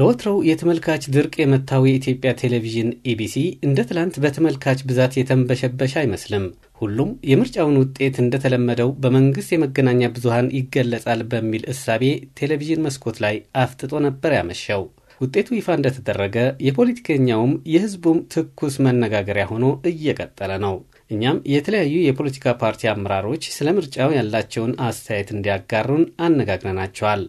ለወትሮው የተመልካች ድርቅ የመታው የኢትዮጵያ ቴሌቪዥን ኢቢሲ እንደ ትላንት በተመልካች ብዛት የተንበሸበሸ አይመስልም። ሁሉም የምርጫውን ውጤት እንደተለመደው በመንግሥት የመገናኛ ብዙሃን ይገለጻል በሚል እሳቤ ቴሌቪዥን መስኮት ላይ አፍጥጦ ነበር ያመሸው። ውጤቱ ይፋ እንደተደረገ የፖለቲከኛውም የሕዝቡም ትኩስ መነጋገሪያ ሆኖ እየቀጠለ ነው። እኛም የተለያዩ የፖለቲካ ፓርቲ አመራሮች ስለ ምርጫው ያላቸውን አስተያየት እንዲያጋሩን አነጋግረናቸዋል።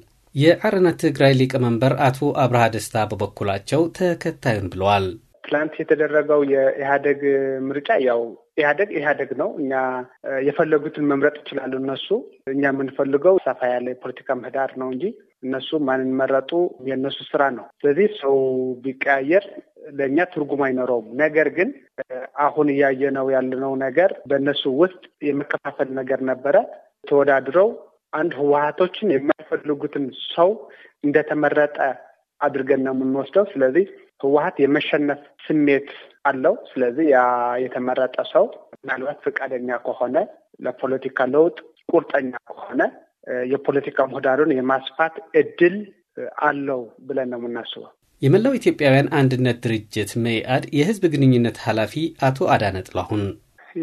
የአረና ትግራይ ሊቀመንበር አቶ አብርሃ ደስታ በበኩላቸው ተከታዩን ብለዋል። ትላንት የተደረገው የኢህአደግ ምርጫ ያው ኢህአደግ ኢህአደግ ነው። እኛ የፈለጉትን መምረጥ ይችላሉ እነሱ። እኛ የምንፈልገው ሰፋ ያለ የፖለቲካ ምህዳር ነው እንጂ እነሱ ማንን መረጡ የእነሱ ስራ ነው። ስለዚህ ሰው ቢቀያየር ለእኛ ትርጉም አይኖረውም። ነገር ግን አሁን እያየነው ያለነው ነገር በእነሱ ውስጥ የመከፋፈል ነገር ነበረ። ተወዳድረው አንድ ህወሀቶችን የማይፈልጉትን ሰው እንደተመረጠ አድርገን ነው የምንወስደው። ስለዚህ ህወሀት የመሸነፍ ስሜት አለው። ስለዚህ ያ የተመረጠ ሰው ምናልባት ፈቃደኛ ከሆነ ለፖለቲካ ለውጥ ቁርጠኛ ከሆነ የፖለቲካ ምህዳሩን የማስፋት እድል አለው ብለን ነው የምናስበው። የመላው ኢትዮጵያውያን አንድነት ድርጅት መኢአድ የህዝብ ግንኙነት ኃላፊ አቶ አዳነ ጥላሁን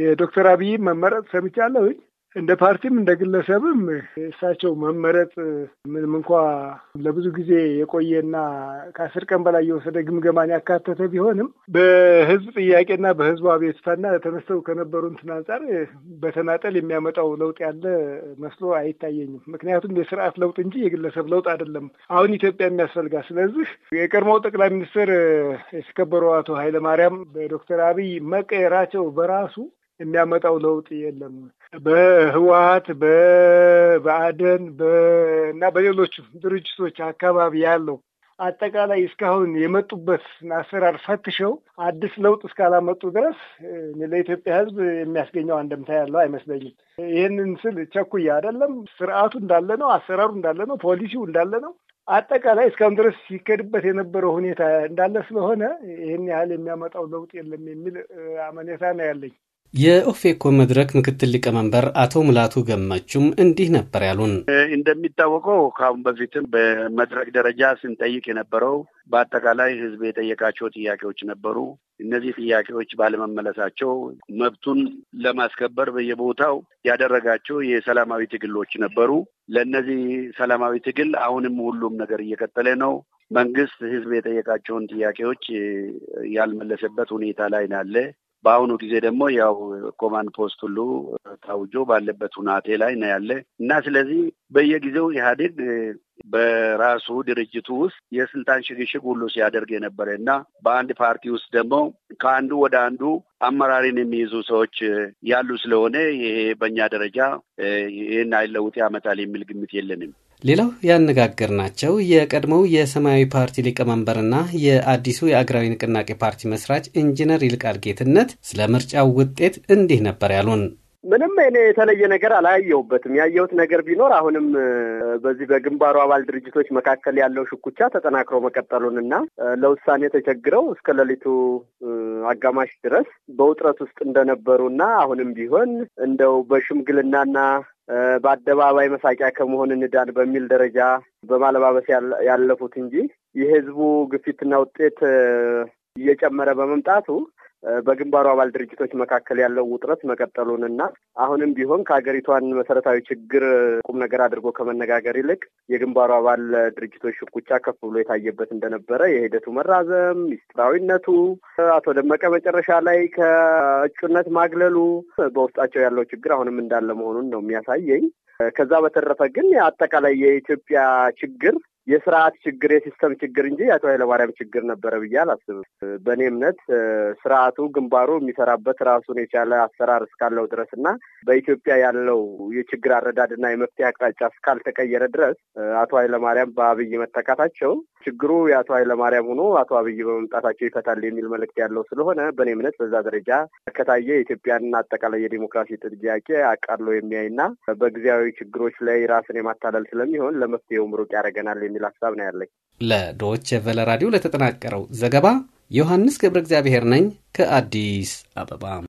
የዶክተር አብይ መመረጥ ሰምቻለሁኝ። እንደ ፓርቲም እንደ ግለሰብም እሳቸው መመረጥ ምንም እንኳ ለብዙ ጊዜ የቆየና ከአስር ቀን በላይ የወሰደ ግምገማን ያካተተ ቢሆንም በህዝብ ጥያቄና በህዝቡ አቤቱታና ተነስተው ከነበሩ እንትን አንጻር በተናጠል የሚያመጣው ለውጥ ያለ መስሎ አይታየኝም። ምክንያቱም የስርዓት ለውጥ እንጂ የግለሰብ ለውጥ አይደለም አሁን ኢትዮጵያ የሚያስፈልጋ ስለዚህ የቀድሞው ጠቅላይ ሚኒስትር የተከበሩ አቶ ኃይለማርያም በዶክተር አብይ መቀየራቸው በራሱ የሚያመጣው ለውጥ የለም። በህወሀት በአደን እና በሌሎችም ድርጅቶች አካባቢ ያለው አጠቃላይ እስካሁን የመጡበት አሰራር ፈትሸው አዲስ ለውጥ እስካላመጡ ድረስ ለኢትዮጵያ ሕዝብ የሚያስገኘው አንደምታ ያለው አይመስለኝም። ይህንን ስል ቸኩያ አይደለም። ስርዓቱ እንዳለ ነው፣ አሰራሩ እንዳለ ነው፣ ፖሊሲው እንዳለ ነው። አጠቃላይ እስካሁን ድረስ ሲከድበት የነበረው ሁኔታ እንዳለ ስለሆነ ይህን ያህል የሚያመጣው ለውጥ የለም የሚል አመኔታ ነው ያለኝ። የኦፌኮ መድረክ ምክትል ሊቀመንበር አቶ ሙላቱ ገመቹም እንዲህ ነበር ያሉን። እንደሚታወቀው ከአሁን በፊትም በመድረክ ደረጃ ስንጠይቅ የነበረው በአጠቃላይ ሕዝብ የጠየቃቸው ጥያቄዎች ነበሩ። እነዚህ ጥያቄዎች ባለመመለሳቸው መብቱን ለማስከበር በየቦታው ያደረጋቸው የሰላማዊ ትግሎች ነበሩ። ለእነዚህ ሰላማዊ ትግል አሁንም ሁሉም ነገር እየቀጠለ ነው። መንግስት ህዝብ የጠየቃቸውን ጥያቄዎች ያልመለሰበት ሁኔታ ላይ ናለ። በአሁኑ ጊዜ ደግሞ ያው ኮማንድ ፖስት ሁሉ ታውጆ ባለበት ሁናቴ ላይ ነው ያለ እና ስለዚህ በየጊዜው ኢህአዴግ በራሱ ድርጅቱ ውስጥ የስልጣን ሽግሽግ ሁሉ ሲያደርግ የነበረ እና በአንድ ፓርቲ ውስጥ ደግሞ ከአንዱ ወደ አንዱ አመራሪን የሚይዙ ሰዎች ያሉ ስለሆነ ይሄ በእኛ ደረጃ ይህን አይል ለውጥ ያመጣል የሚል ግምት የለንም። ሌላው ያነጋገር ናቸው። የቀድሞው የሰማያዊ ፓርቲ ሊቀመንበርና የአዲሱ የአገራዊ ንቅናቄ ፓርቲ መስራች ኢንጂነር ይልቃል ጌትነት ስለ ምርጫው ውጤት እንዲህ ነበር ያሉን። ምንም እኔ የተለየ ነገር አላየሁበትም። ያየሁት ነገር ቢኖር አሁንም በዚህ በግንባሩ አባል ድርጅቶች መካከል ያለው ሽኩቻ ተጠናክሮ መቀጠሉን እና ለውሳኔ ተቸግረው እስከ ሌሊቱ አጋማሽ ድረስ በውጥረት ውስጥ እንደነበሩ እና አሁንም ቢሆን እንደው በሽምግልናና በአደባባይ መሳቂያ ከመሆን እንዳን በሚል ደረጃ በማለባበስ ያለፉት እንጂ የህዝቡ ግፊትና ውጤት እየጨመረ በመምጣቱ በግንባሩ አባል ድርጅቶች መካከል ያለው ውጥረት መቀጠሉንና አሁንም ቢሆን ከሀገሪቷን መሰረታዊ ችግር ቁም ነገር አድርጎ ከመነጋገር ይልቅ የግንባሩ አባል ድርጅቶች ሽኩቻ ከፍ ብሎ የታየበት እንደነበረ የሂደቱ መራዘም፣ ሚስጥራዊነቱ፣ አቶ ደመቀ መጨረሻ ላይ ከእጩነት ማግለሉ በውስጣቸው ያለው ችግር አሁንም እንዳለ መሆኑን ነው የሚያሳየኝ። ከዛ በተረፈ ግን አጠቃላይ የኢትዮጵያ ችግር የስርዓት ችግር የሲስተም ችግር እንጂ የአቶ ኃይለማርያም ችግር ነበረ ብዬ አላስብም። በእኔ እምነት ስርዓቱ ግንባሩ የሚሰራበት ራሱን የቻለ አሰራር እስካለው ድረስ እና በኢትዮጵያ ያለው የችግር አረዳድና የመፍትሄ አቅጣጫ እስካልተቀየረ ድረስ አቶ ኃይለማርያም በአብይ መተካታቸው ችግሩ የአቶ ኃይለማርያም ሆኖ አቶ አብይ በመምጣታቸው ይፈታል የሚል መልእክት ያለው ስለሆነ በእኔ እምነት በዛ ደረጃ ከታየ የኢትዮጵያን አጠቃላይ የዲሞክራሲ ጥያቄ አቃሎ የሚያይና በጊዜያዊ ችግሮች ላይ ራስን የማታለል ስለሚሆን ለመፍትሄውም ሩቅ ያደርገናል የሚል ሀሳብ ነው ያለኝ። ለዶች ቨለ ራዲዮ ለተጠናቀረው ዘገባ ዮሐንስ ገብረ እግዚአብሔር ነኝ ከአዲስ አበባ